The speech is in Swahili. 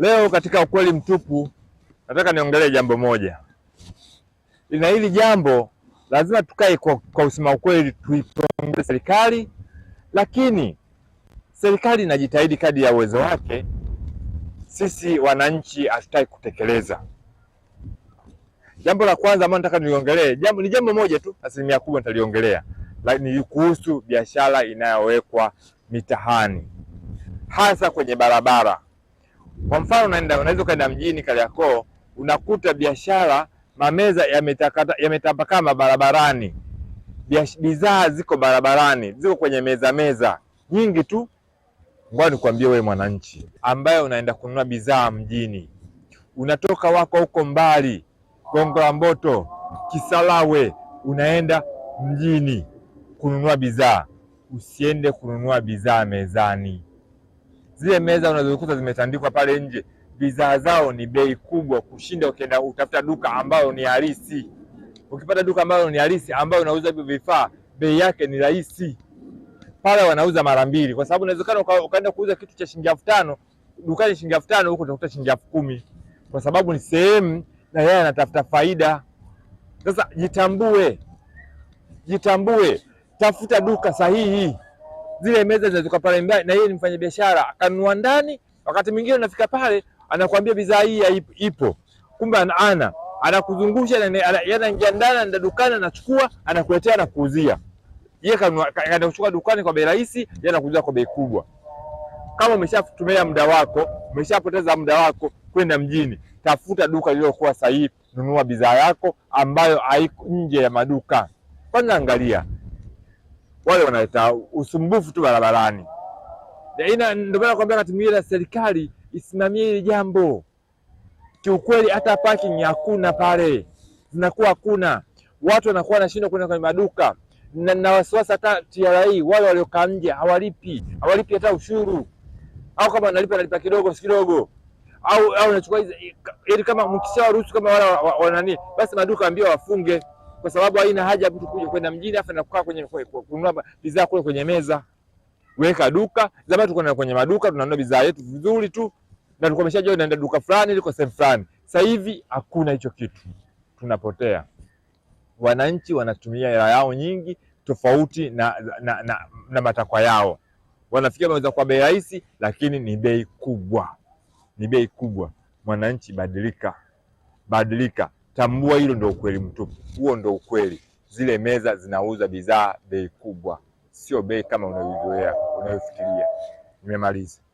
Leo katika ukweli mtupu, nataka niongelee jambo moja, na hili jambo lazima tukae kwa, kwa usema ukweli, tuipongeze serikali, lakini serikali inajitahidi kadri ya uwezo wake. Sisi wananchi hatutaki kutekeleza. Jambo la kwanza ambalo nataka niliongelee, jambo ni jambo moja tu, asilimia kubwa nitaliongelea, ni kuhusu biashara inayowekwa mitahani hasa kwenye barabara. Kwa mfano unaenda, unaweza ukaenda mjini Kariakoo unakuta biashara, mameza yametapakaa mabarabarani, bidhaa ziko barabarani, ziko kwenye meza meza nyingi tu. Ngoja nikwambie wewe mwananchi ambaye unaenda kununua bidhaa mjini, unatoka wako huko mbali la Mboto, kisalawe unaenda mjini kununua bidhaa, usiende kununua bidhaa mezani zile meza unazokuta zimetandikwa pale nje, bidhaa zao ni bei kubwa kushinda ukienda utafuta duka ambayo ni halisi. Ukipata duka ambayo ni halisi, ambayo unauza hivyo vifaa, bei yake ni rahisi. Pale wanauza mara mbili, kwa sababu inawezekana ukaenda kuuza kitu cha shilingi elfu tano dukani shilingi elfu tano huko utakuta shilingi elfu kumi kwa sababu ni sehemu, na yeye anatafuta faida. Sasa jitambue, jitambue, tafuta duka sahihi zile meza zinazoka pale mbali, na yeye ni mfanya biashara akanunua ndani. Wakati mwingine unafika pale anakuambia bidhaa hii ipo, kumbe ana anakuzungusha anaingia ndani, anaenda dukani, anachukua, anakuletea, anakuuzia. Yeye kanakuchukua dukani kwa bei rahisi, yeye anakuuzia kwa bei kubwa. Kama umeshatumia muda wako, umeshapoteza muda wako kwenda mjini, tafuta duka lililokuwa sahihi, nunua bidhaa yako ambayo haiko nje ya maduka. Kwanza angalia wale wanaleta usumbufu tu barabarani. Ina ndio maana kwambia wakati mwingine serikali isimamie hili jambo kiukweli. Hata parking hakuna pale, zinakuwa hakuna, watu wanakuwa wanashindwa kwenda kwenye maduka na, na wasiwasi hata TRA wale waliokaa nje hawalipi hawalipi hata ushuru, au kama analipa analipa kidogo si kidogo, au au nachukua ili kama mkisha mkishawaruhusu kama wale wanani, basi maduka ambio wafunge kwa sababu haina haja mtu kuja kwenda mjini afa na kukaa kwenye kununua bidhaa kule kwenye meza. Weka duka, zamani tulikuwa na kwenye maduka tunanunua bidhaa yetu vizuri tu na tulikuwa tumeshajua naenda duka fulani liko sehemu fulani. Sasa hivi hakuna hicho kitu, tunapotea. Wananchi wanatumia hela yao nyingi tofauti na, na, na, na matakwa yao. Wanafikia wanaweza kwa bei rahisi, lakini ni bei kubwa, ni bei kubwa. Mwananchi badilika, badilika tambua hilo ndio ukweli mtupu, huo ndio ukweli. Zile meza zinauza bidhaa bei kubwa, sio bei kama unavyozoea unayofikiria. Nimemaliza.